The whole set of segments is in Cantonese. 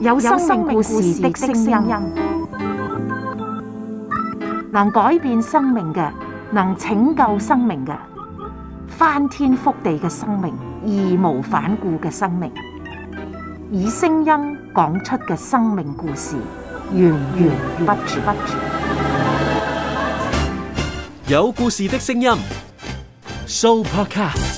有生命故事的聲音，能改變生命嘅，能拯救生命嘅，翻天覆地嘅生命，義無反顧嘅生命，以聲音講出嘅生命故事，源源不絕。有故事的聲音，Soupercast。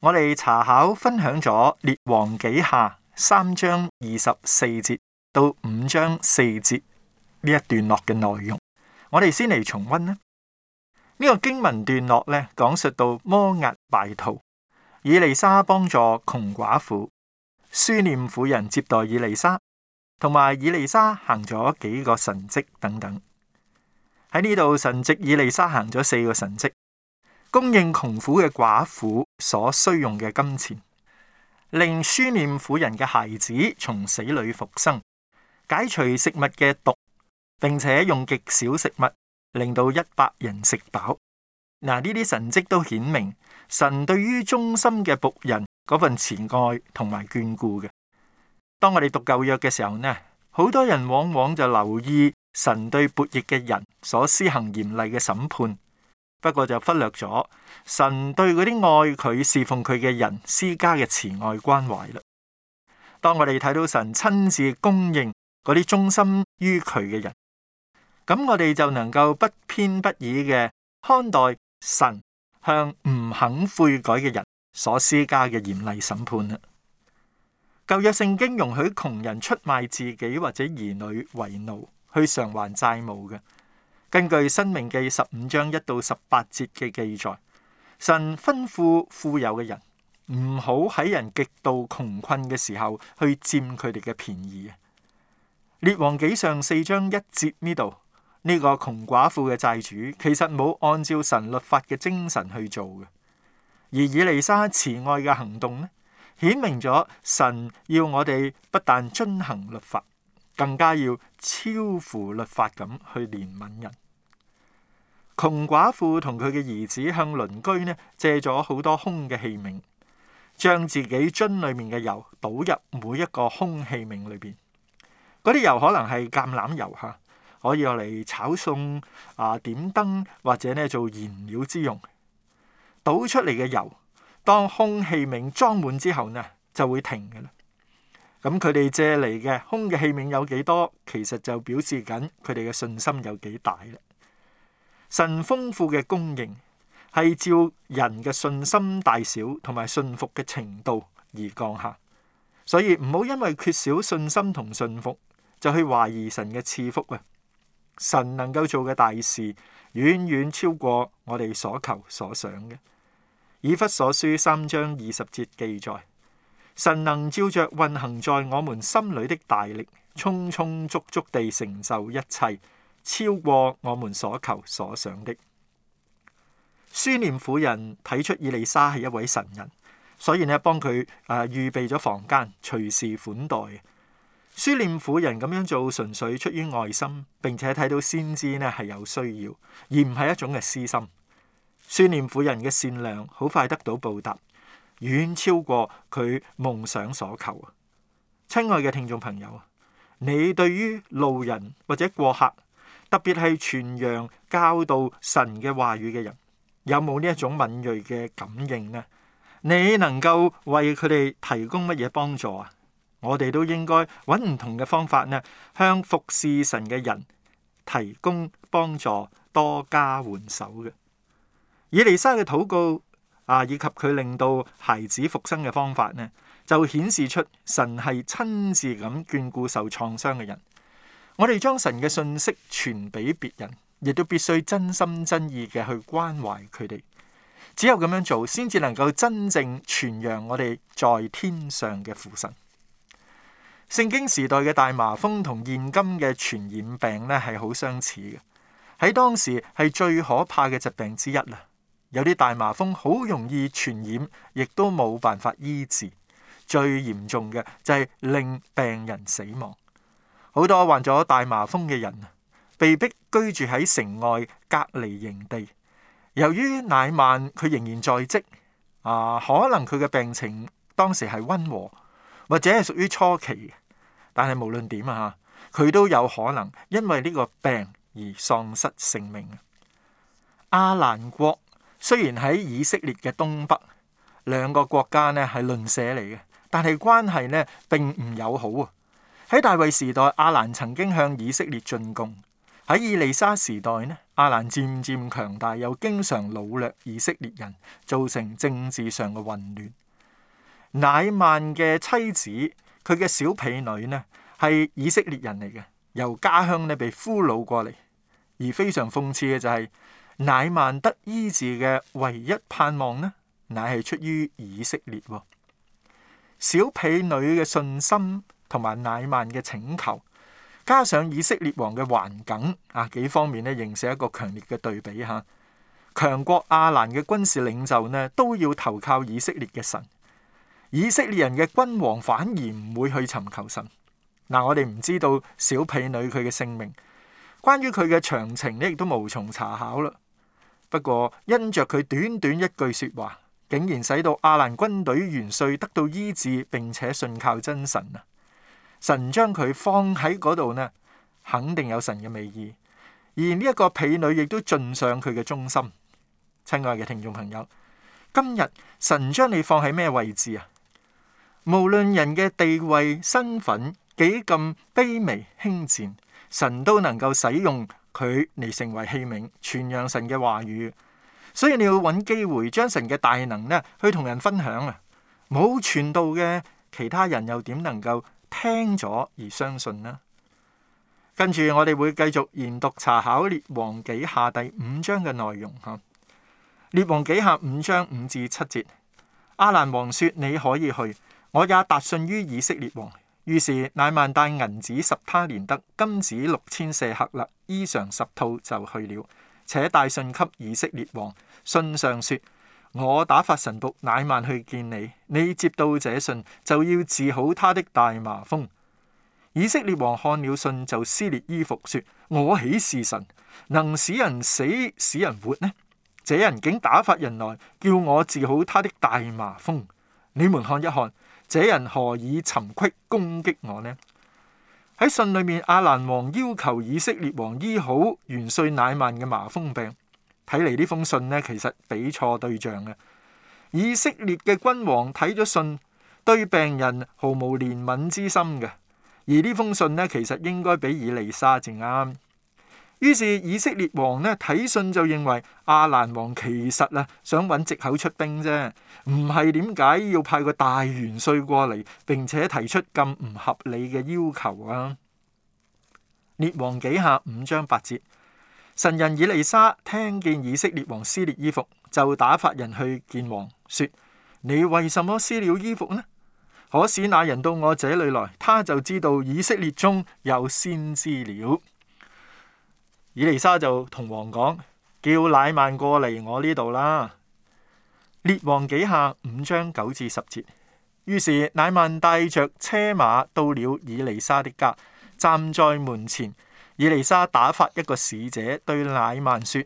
我哋查考分享咗列王紀下三章二十四節到五章四節呢一段落嘅內容。我哋先嚟重溫啦。呢、這個經文段落咧，講述到摩押敗徒以利沙幫助窮寡婦，書念婦人接待以利沙，同埋以利沙行咗幾個神蹟等等。喺呢度神蹟，以利沙行咗四個神蹟，供應窮苦嘅寡婦。所需用嘅金錢，令書念婦人嘅孩子從死裏復生，解除食物嘅毒，並且用極少食物令到一百人食飽。嗱，呢啲神跡都顯明神對於忠心嘅僕人嗰份慈愛同埋眷顧嘅。當我哋讀舊約嘅時候呢，好多人往往就留意神對悖逆嘅人所施行嚴厲嘅審判。不過就忽略咗神對嗰啲愛佢侍奉佢嘅人施加嘅慈愛關懷啦。當我哋睇到神親自供應嗰啲忠心於佢嘅人，咁我哋就能夠不偏不倚嘅看待神向唔肯悔改嘅人所施加嘅嚴厲審判啦。舊約聖經容許窮人出賣自己或者兒女為奴去償還債務嘅。根據申命記十五章一到十八節嘅記載，神吩咐富有嘅人唔好喺人極度窮困嘅時候去佔佢哋嘅便宜啊！列王紀上四章一節呢度，呢、呢個窮寡婦嘅債主其實冇按照神律法嘅精神去做嘅，而以利沙慈愛嘅行動呢，顯明咗神要我哋不但遵行律法。更加要超乎律法咁去憐憫人。窮寡婦同佢嘅兒子向鄰居呢借咗好多空嘅器皿，將自己樽裏面嘅油倒入每一個空器皿裏邊。嗰啲油可能係橄欖油嚇，可以用嚟炒餸、啊、呃、點燈或者呢做燃料之用。倒出嚟嘅油，當空器皿裝滿之後呢，就會停嘅啦。咁佢哋借嚟嘅空嘅器皿有幾多，其實就表示緊佢哋嘅信心有幾大啦。神豐富嘅供應係照人嘅信心大小同埋信服嘅程度而降下，所以唔好因為缺少信心同信服就去懷疑神嘅賜福啊！神能夠做嘅大事遠遠超過我哋所求所想嘅。以弗所書三章二十節記載。神能照着運行在我們心裏的大力，充充足足地成就一切，超過我們所求所想的。書念婦人睇出以利沙係一位神人，所以呢幫佢誒，預備咗房間，隨時款待。書念婦人咁樣做純粹出於愛心，並且睇到先知呢係有需要，而唔係一種嘅私心。書念婦人嘅善良好快得到報答，遠超過佢夢想所求啊！親愛嘅聽眾朋友啊，你對於路人或者過客，特別係傳揚教導神嘅話語嘅人，有冇呢一種敏銳嘅感應呢？你能夠為佢哋提供乜嘢幫助啊？我哋都應該揾唔同嘅方法呢，向服侍神嘅人提供幫助，多加援手嘅。以尼莎嘅禱告，啊！以及佢令到孩子復生嘅方法呢，就顯示出神係親自咁眷顧受創傷嘅人。我哋將神嘅信息傳俾別人，亦都必須真心真意嘅去關懷佢哋。只有咁樣做，先至能夠真正傳揚我哋在天上嘅父神。聖經時代嘅大麻風同現今嘅傳染病咧，係好相似嘅，喺當時係最可怕嘅疾病之一啦。有啲大麻風好容易傳染，亦都冇辦法醫治。最嚴重嘅就係令病人死亡。好多患咗大麻風嘅人被逼居住喺城外隔離營地。由於乃曼佢仍然在職啊，可能佢嘅病情當時係温和，或者係屬於初期，但係無論點啊，佢都有可能因為呢個病而喪失性命啊。亞蘭國。雖然喺以色列嘅東北兩個國家咧係鄰舍嚟嘅，但係關係咧並唔友好啊！喺大衛時代，亞蘭曾經向以色列進攻；喺以利沙時代咧，亞蘭漸漸強大，又經常擄掠以色列人，造成政治上嘅混亂。乃曼嘅妻子，佢嘅小婢女咧係以色列人嚟嘅，由家鄉咧被俘虜過嚟，而非常諷刺嘅就係、是。乃曼得醫治嘅唯一盼望呢，乃係出於以色列、哦、小婢女嘅信心同埋乃曼嘅請求，加上以色列王嘅環境，啊，幾方面咧形成一個強烈嘅對比吓、啊。強國亞蘭嘅軍事領袖呢都要投靠以色列嘅神，以色列人嘅君王反而唔會去尋求神。嗱、啊，我哋唔知道小婢女佢嘅姓名，關於佢嘅詳情呢，亦都無從查考啦。不過因着佢短短一句說話，竟然使到亞蘭軍隊元帥得到醫治，並且信靠真神啊！神將佢放喺嗰度呢，肯定有神嘅美意。而呢一個婢女亦都盡上佢嘅忠心。親愛嘅聽眾朋友，今日神將你放喺咩位置啊？無論人嘅地位、身份幾咁卑微、輕賤，神都能夠使用。佢嚟成為器皿，傳揚神嘅話語，所以你要揾機會將神嘅大能呢，去同人分享啊！冇傳道嘅其他人又點能夠聽咗而相信呢？跟住我哋會繼續研讀查考列王紀下第五章嘅內容吓，列王紀下五章五至七節，亞蘭王說：你可以去，我也達信於以色列王。於是乃曼帶銀子十他連得，金子六千舍客勒，衣裳十套就去了，且帶信給以色列王，信上說：我打發神僕乃曼去見你，你接到這信就要治好他的大麻風。以色列王看了信就撕裂衣服，說：我豈是神，能使人死使人活呢？這人竟打發人來叫我治好他的大麻風，你們看一看。這人何以尋隙攻擊我呢？喺信裏面，亞蘭王要求以色列王醫好元帥乃曼嘅麻風病。睇嚟呢封信呢，其實俾錯對象嘅。以色列嘅君王睇咗信，對病人毫無憐憫之心嘅。而呢封信呢，其實應該俾以利沙正啱。於是以色列王呢，睇信就認為阿蘭王其實啊想揾藉口出兵啫，唔係點解要派個大元帥過嚟，並且提出咁唔合理嘅要求啊？列王記下五章八節，神人以利沙聽見以色列王撕裂衣服，就打發人去見王，說：你為什麼撕了衣服呢？可使那人到我這裏來，他就知道以色列中有先知了。以利沙就同王講，叫乃曼過嚟我呢度啦。列王紀下五章九至十節，於是乃曼帶着車馬到了以利沙的家，站在門前。以利沙打發一個使者對乃曼說：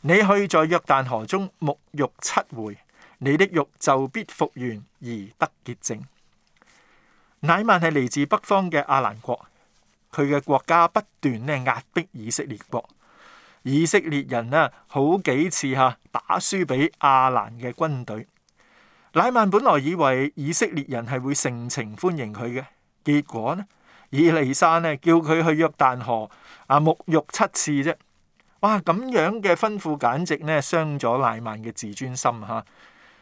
你去在約旦河中沐浴七回，你的肉就必復原而得潔淨。乃曼係嚟自北方嘅亞蘭國。佢嘅國家不斷咧壓迫以色列國，以色列人呢，好幾次嚇、啊、打輸俾亞蘭嘅軍隊。乃曼本來以為以色列人係會盛情歡迎佢嘅，結果呢，以利沙呢叫佢去約旦河啊沐浴七次啫。哇，咁樣嘅吩咐簡直呢傷咗乃曼嘅自尊心啊！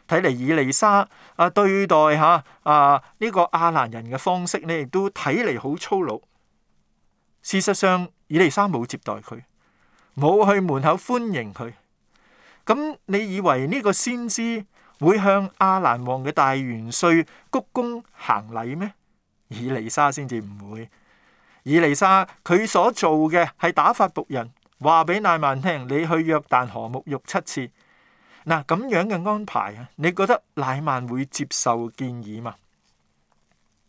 睇嚟以利沙啊，對待嚇啊呢、啊呢個亞蘭人嘅方式呢，亦都睇嚟好粗魯。事實上，以利沙冇接待佢，冇去門口歡迎佢。咁你以為呢個先知會向亞蘭王嘅大元帥鞠躬行禮咩？以利沙先至唔會。以利沙，佢所做嘅係打發僕人話俾乃曼聽：你去約旦河沐浴七次。嗱，咁樣嘅安排啊，你覺得乃曼會接受建議嘛？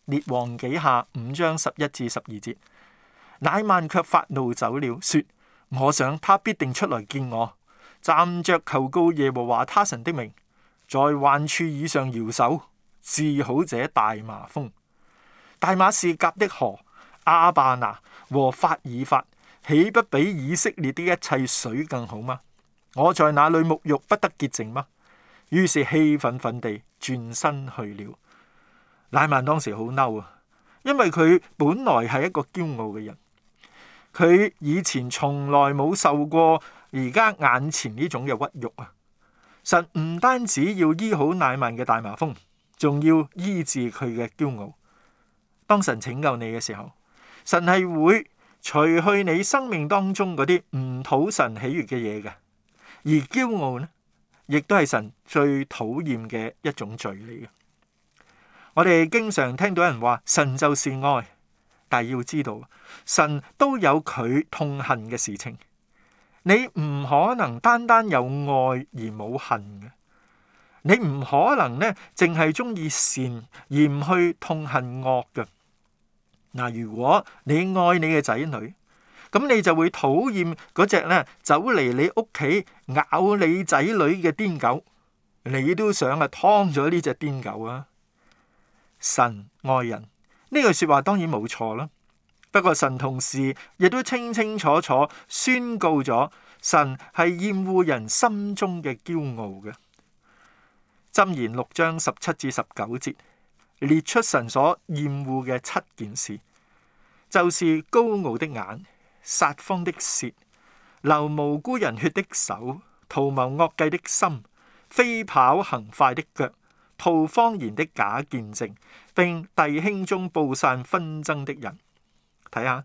列王紀下五章十一至十二節。乃曼卻發怒走了，說：我想他必定出來見我，站着求告耶和華他神的名，在患處以上搖手，治好這大麻風。大馬士革的河、阿巴拿和法爾法，豈不比以色列的一切水更好嗎？我在那裏沐浴不得潔淨嗎？於是氣憤憤地轉身去了。乃曼當時好嬲啊，因為佢本來係一個驕傲嘅人。佢以前從來冇受過而家眼前呢種嘅屈辱啊！神唔單止要醫好乃曼嘅大麻風，仲要醫治佢嘅驕傲。當神拯救你嘅時候，神係會除去你生命當中嗰啲唔討神喜悅嘅嘢嘅。而驕傲呢，亦都係神最討厭嘅一種罪嚟嘅。我哋經常聽到人話神就是愛。但要知道，神都有佢痛恨嘅事情。你唔可能單單有愛而冇恨嘅，你唔可能咧，淨係中意善而唔去痛恨惡嘅。嗱，如果你愛你嘅仔女，咁你就會討厭嗰隻咧走嚟你屋企咬你仔女嘅癲狗，你都想啊劏咗呢隻癲狗啊！神愛人。呢句說話當然冇錯啦，不過神同時亦都清清楚楚宣告咗，神係厭惡人心中嘅驕傲嘅。箴言六章十七至十九節列出神所厭惡嘅七件事，就是高傲的眼、撒謊的舌、流無辜人血的手、圖謀惡計的心、飛跑行快的腳。吐方言的假見證，並弟兄中布散紛爭的人。睇下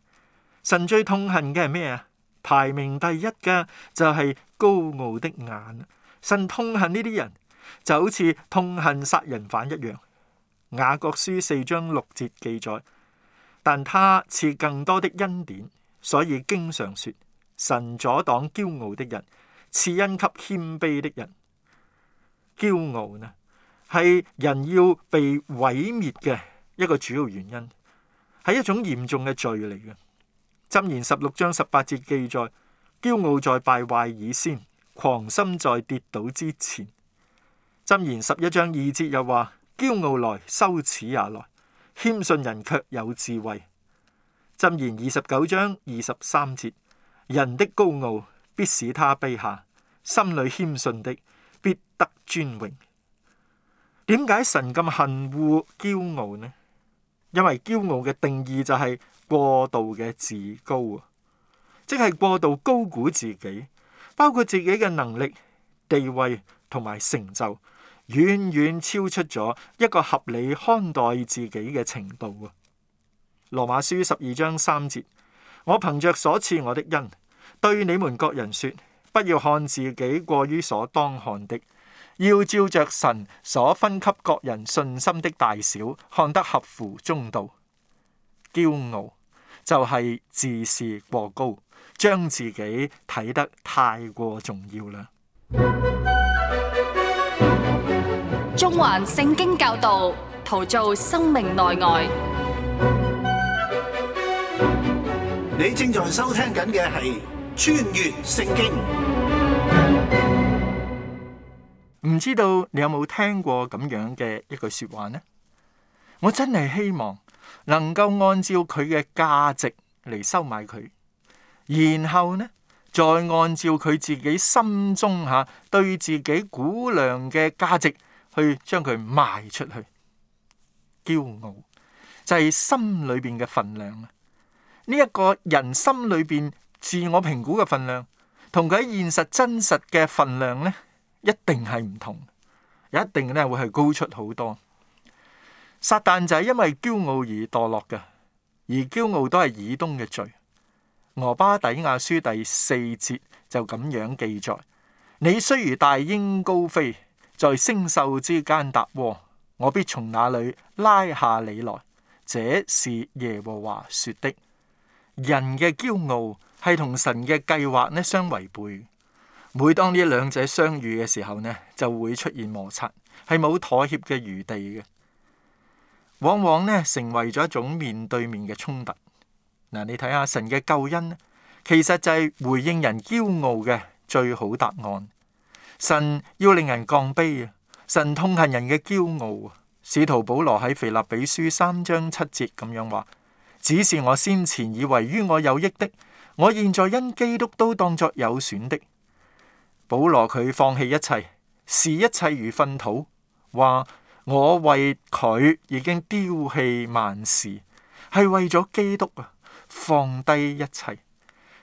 神最痛恨嘅係咩啊？排名第一嘅就係高傲的眼，神痛恨呢啲人，就好似痛恨殺人犯一樣。雅各書四章六節記載，但他賜更多的恩典，所以經常說，神阻擋驕傲的人，賜恩給謙卑的人。驕傲呢？係人要被毀滅嘅一個主要原因，係一種嚴重嘅罪嚟嘅。箴言十六章十八節記載：驕傲在敗壞以先，狂心在跌倒之前。箴言十一章二節又話：驕傲來，羞恥也來；謙遜人卻有智慧。箴言二十九章二十三節：人的高傲必使他卑下，心裏謙遜的必得尊榮。點解神咁恨惡驕傲呢？因為驕傲嘅定義就係過度嘅自高啊，即係過度高估自己，包括自己嘅能力、地位同埋成就，遠遠超出咗一個合理看待自己嘅程度啊！羅馬書十二章三節：我憑着所賜我的恩，對你們各人說，不要看自己過於所當看的。要照着神所分給各人信心的大小，看得合乎中道。驕傲就係自視過高，將自己睇得太過重要啦。中環聖經教導，陶造生命內外。你正在收聽緊嘅係《穿越聖經》。唔知道你有冇聽過咁樣嘅一句說話呢？我真係希望能夠按照佢嘅價值嚟收買佢，然後呢再按照佢自己心中吓對自己估量嘅價值去將佢賣出去。驕傲就係、是、心裏邊嘅份量啊！呢、這、一個人心裏邊自我評估嘅份量，同佢喺現實真實嘅份量呢？一定係唔同，一定咧會係高出好多。撒旦就係因為驕傲而墮落嘅，而驕傲都係以東嘅罪。俄巴底亞書第四節就咁樣記載：你雖如大鷹高飛，在星宿之間搭窩，我必從那裏拉下你來。這是耶和華說的。人嘅驕傲係同神嘅計劃呢相違背。每當呢兩者相遇嘅時候呢，就會出現摩擦，係冇妥協嘅餘地嘅。往往呢，成為咗一種面對面嘅衝突。嗱，你睇下神嘅救恩，其實就係回應人驕傲嘅最好答案。神要令人降卑啊，神痛恨人嘅驕傲啊。使徒保羅喺腓立比書三章七節咁樣話：只是我先前以為於我有益的，我現在因基督都當作有損的。保羅佢放棄一切，視一切如糞土，話我為佢已經丟棄萬事，係為咗基督啊，放低一切。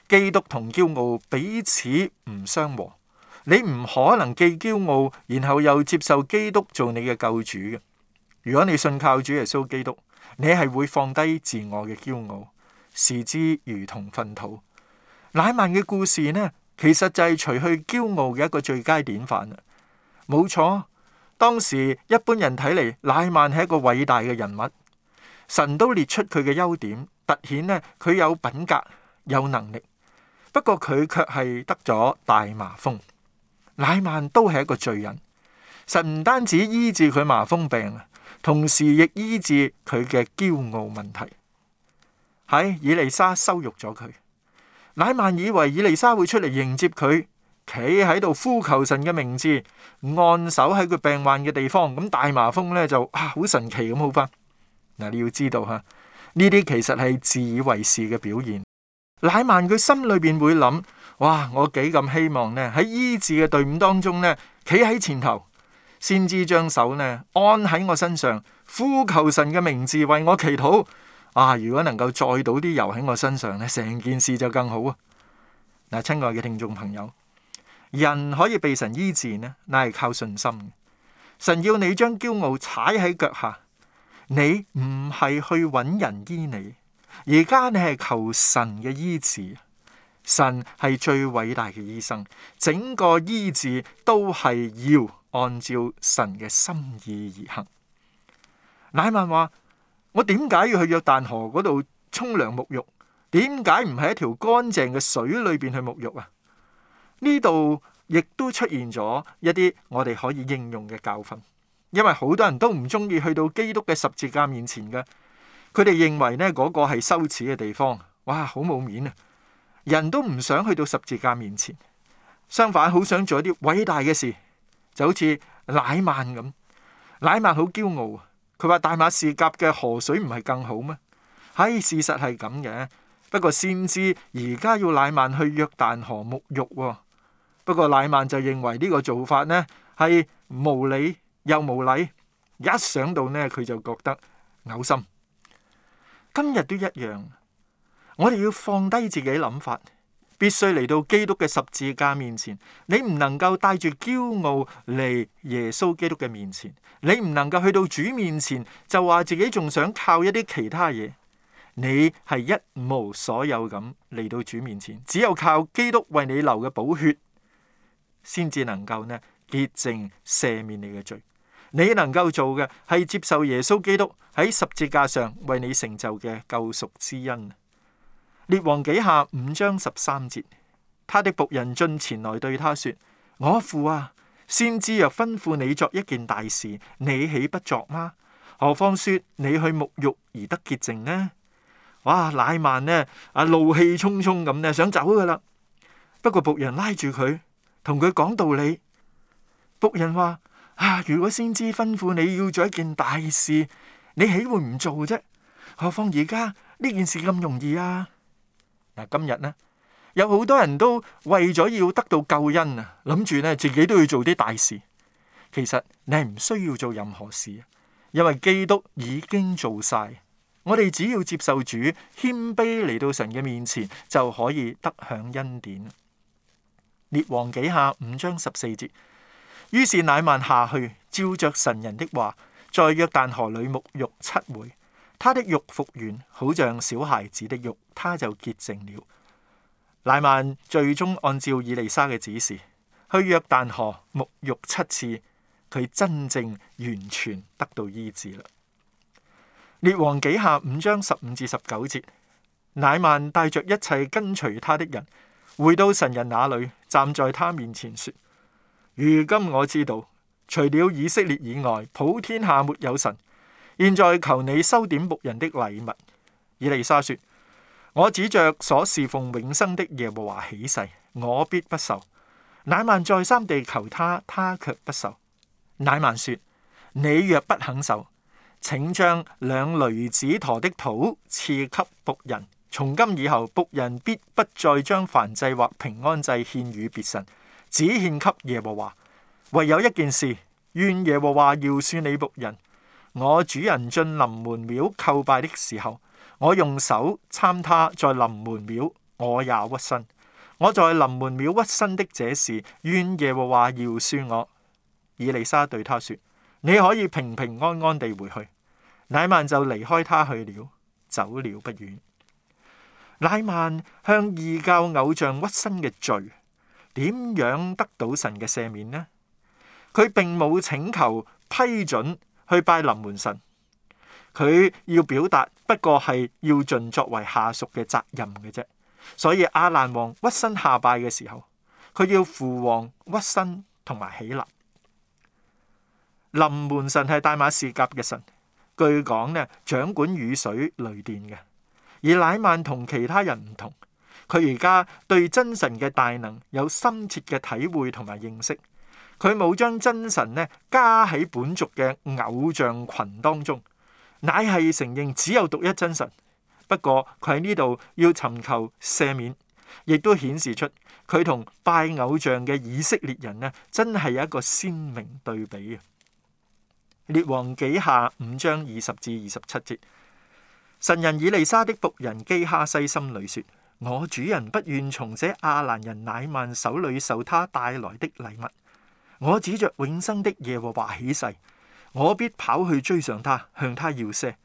基督同驕傲彼此唔相和，你唔可能既驕傲然後又接受基督做你嘅救主嘅。如果你信靠主耶穌基督，你係會放低自我嘅驕傲，視之如同糞土。乃曼嘅故事呢？其實就係除去驕傲嘅一個最佳典範。冇錯，當時一般人睇嚟，乃曼係一個偉大嘅人物，神都列出佢嘅優點，凸顯呢，佢有品格、有能力。不過佢卻係得咗大麻風，乃曼都係一個罪人。神唔單止醫治佢麻風病啊，同時亦醫治佢嘅驕傲問題。喺以利沙羞辱咗佢。乃曼以為以利沙會出嚟迎接佢，企喺度呼求神嘅名字，按手喺佢病患嘅地方，咁大麻風呢就啊好神奇咁好翻。嗱、啊、你要知道吓，呢啲其實係自以為是嘅表現。乃曼佢心裏邊會諗：哇，我幾咁希望呢喺醫治嘅隊伍當中呢，企喺前頭，先知將手呢安喺我身上，呼求神嘅名字為我祈禱。啊！如果能夠再倒啲油喺我身上咧，成件事就更好啊！嗱，親愛嘅聽眾朋友，人可以被神醫治呢，乃係靠信心。神要你將驕傲踩喺腳下，你唔係去揾人醫你，而家你係求神嘅醫治。神係最偉大嘅醫生，整個醫治都係要按照神嘅心意而行。乃文話。我點解要去約旦河嗰度沖涼沐浴？點解唔喺一條乾淨嘅水裏邊去沐浴啊？呢度亦都出現咗一啲我哋可以應用嘅教訓，因為好多人都唔中意去到基督嘅十字架面前嘅，佢哋認為呢嗰個係羞恥嘅地方，哇，好冇面啊！人都唔想去到十字架面前，相反好想做一啲偉大嘅事，就好似奶曼咁，奶曼好驕傲啊！佢話大馬士革嘅河水唔係更好咩？唉、哎，事實係咁嘅，不過先知而家要乃縵去約旦河沐浴喎、哦。不過乃縵就認為呢個做法呢係無理又無禮，一想到呢佢就覺得嘔心。今日都一樣，我哋要放低自己諗法。必須嚟到基督嘅十字架面前，你唔能夠帶住驕傲嚟耶穌基督嘅面前，你唔能夠去到主面前就話自己仲想靠一啲其他嘢，你係一無所有咁嚟到主面前，只有靠基督為你流嘅寶血，先至能夠呢潔淨赦免你嘅罪。你能夠做嘅係接受耶穌基督喺十字架上為你成就嘅救贖之恩。列王紀下五章十三節，他的僕人進前來對他說：我父啊，先知又吩咐你作一件大事，你豈不作嗎？何況說你去沐浴而得潔淨呢？哇！乃曼呢？啊，怒氣沖沖咁呢，想走噶啦。不過僕人拉住佢，同佢講道理。僕人話：啊，如果先知吩咐你要做一件大事，你豈會唔做啫？何況而家呢件事咁容易啊！嗱，今日呢，有好多人都為咗要得到救恩啊，諗住呢自己都要做啲大事。其實你係唔需要做任何事，因為基督已經做晒，我哋只要接受主，謙卑嚟到神嘅面前就可以得享恩典。列王紀下五章十四節，於是乃曼下去照着神人的話，在約旦河裏沐浴七回。他的肉復原，好像小孩子的肉，他就潔淨了。乃曼最終按照以利沙嘅指示，去約旦河沐浴七次，佢真正完全得到醫治啦。列王紀下五章十五至十九節，乃曼帶着一切跟隨他的人，回到神人那裏，站在他面前說：如今我知道，除了以色列以外，普天下沒有神。現在求你收點僕人的禮物。以利沙說：我指着所侍奉永生的耶和華起誓，我必不受。乃曼再三地求他，他卻不受。乃曼說：你若不肯受，請將兩驢子馱的土賜給僕人。從今以後，僕人必不再將燔祭或平安祭獻與別神，只獻給耶和華。唯有一件事，願耶和華饒恕你僕人。我主人進臨門廟叩拜的時候，我用手參他在臨，在臨門廟我也屈身。我在臨門廟屈身的這時，願耶和華饒恕我。以利沙對他說：你可以平平安安地回去。乃曼就離開他去了，走了不遠。乃曼向異教偶像屈身嘅罪，點樣得到神嘅赦免呢？佢並冇請求批准。去拜臨門神，佢要表達，不過係要盡作為下屬嘅責任嘅啫。所以亞蘭王屈身下拜嘅時候，佢要父王屈身同埋起立。臨門神係大馬士革嘅神，據講呢，掌管雨水雷電嘅。而乃曼同其他人唔同，佢而家對真神嘅大能有深切嘅體會同埋認識。佢冇將真神呢加喺本族嘅偶像群當中，乃係承認只有獨一真神。不過佢喺呢度要尋求赦免，亦都顯示出佢同拜偶像嘅以色列人呢，真係有一個鮮明對比啊！列王紀下五章二十至二十七節，神人以利沙的僕人基哈西心裏說：我主人不願從這亞蘭人乃曼手裏受他帶來的禮物。我指着永生的耶和華起誓，我必跑去追上他，向他要些。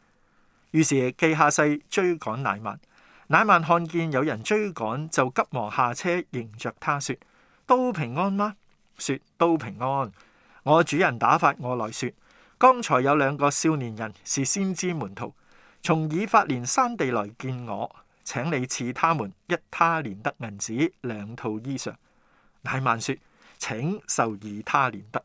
於是基哈西追趕乃曼。乃曼看見有人追趕，就急忙下車迎著他說：都平安嗎？說都平安。我主人打發我來說，剛才有兩個少年人是先知門徒，從以法蓮山地來見我，請你賜他們一他連得銀子，兩套衣裳。乃曼說。請受二他連得，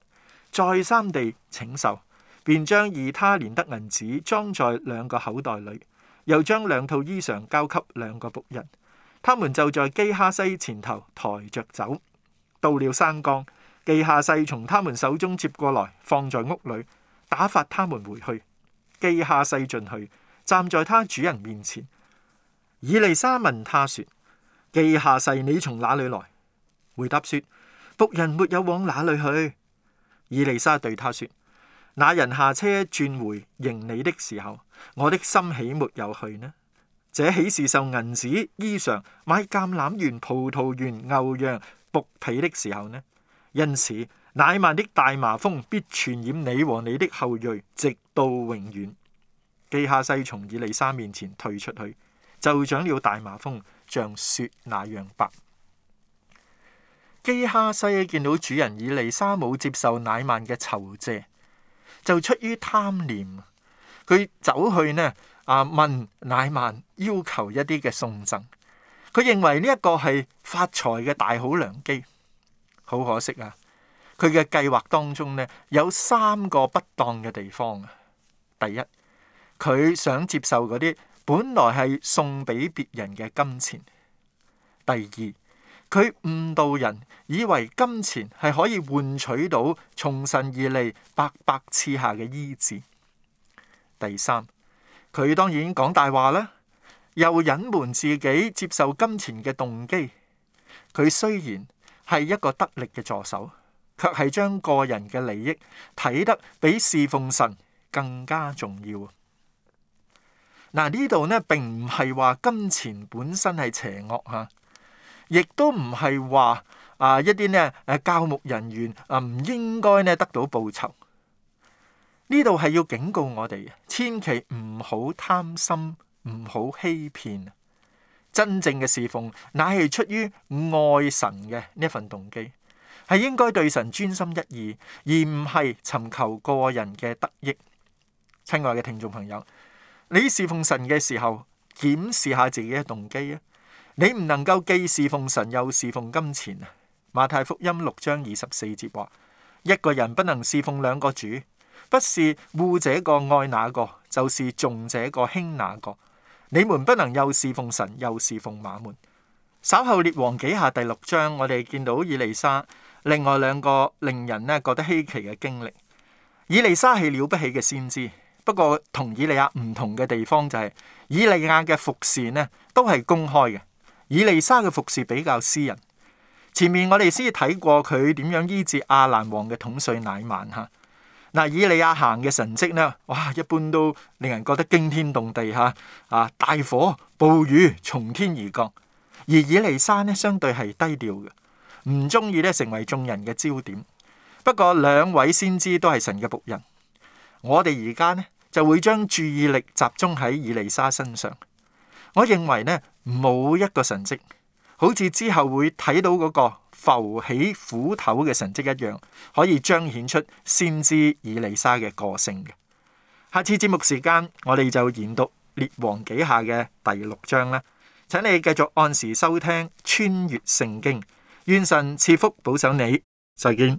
再三地請受，便將二他連得銀子裝在兩個口袋裏，又將兩套衣裳交給兩個僕人，他們就在基哈西前頭抬着走。到了山崗，基哈西從他們手中接過來，放在屋裏，打發他們回去。基哈西進去，站在他主人面前，以利沙問他說：基哈西，你從哪裏來？回答說：僕人沒有往哪裡去，以利沙對他說：那人下車轉回迎你的時候，我的心豈沒有去呢？這豈是受銀子、衣裳、買橄欖園、葡萄園、牛羊、僕婢的時候呢？因此，乃曼的大麻風必傳染你和你的後裔，直到永遠。基哈西從以利沙面前退出去，就長了大麻風，像雪那樣白。基哈西見到主人以利沙冇接受乃曼嘅酬謝，就出於貪念，佢走去呢啊問乃曼要求一啲嘅送贈，佢認為呢一個係發財嘅大好良機。好可惜啊，佢嘅計劃當中呢有三個不當嘅地方啊。第一，佢想接受嗰啲本來係送俾別人嘅金錢。第二。佢誤導人，以為金錢係可以換取到從神而嚟白白賜下嘅醫治。第三，佢當然講大話啦，又隱瞞自己接受金錢嘅動機。佢雖然係一個得力嘅助手，卻係將個人嘅利益睇得比侍奉神更加重要。嗱、啊，呢度呢，並唔係話金錢本身係邪惡吓。亦都唔係話啊一啲咧誒，教牧人員啊唔應該咧得到報酬。呢度係要警告我哋，千祈唔好貪心，唔好欺騙。真正嘅侍奉乃係出於愛神嘅呢份動機，係應該對神專心一意，而唔係尋求個人嘅得益。親愛嘅聽眾朋友，你侍奉神嘅時候檢視下自己嘅動機啊！你唔能夠既侍奉神又侍奉金錢啊。馬太福音六章二十四節話：一個人不能侍奉兩個主，不是惡這個愛那個，就是重這個輕那個。你們不能又侍奉神又侍奉馬門。稍後列王紀下第六章，我哋見到以利沙另外兩個令人呢覺得稀奇嘅經歷。以利沙係了不起嘅先知，不過同以利亞唔同嘅地方就係，是，以利亞嘅服侍呢都係公開嘅。以利沙嘅服侍比較私人，前面我哋先睇過佢點樣醫治亞蘭王嘅統帥乃曼吓。嗱，以利亞行嘅神蹟呢，哇，一般都令人覺得驚天動地吓，啊，大火、暴雨從天而降，而以利沙呢，相對係低調嘅，唔中意咧成為眾人嘅焦點。不過兩位先知都係神嘅僕人，我哋而家呢，就會將注意力集中喺以利沙身上。我認為咧冇一個神蹟，好似之後會睇到嗰個浮起斧頭嘅神蹟一樣，可以彰顯出先知以利沙嘅個性嘅。下次節目時間，我哋就研讀《列王紀下》嘅第六章啦，請你繼續按時收聽《穿越聖經》，願神賜福保守你，再見。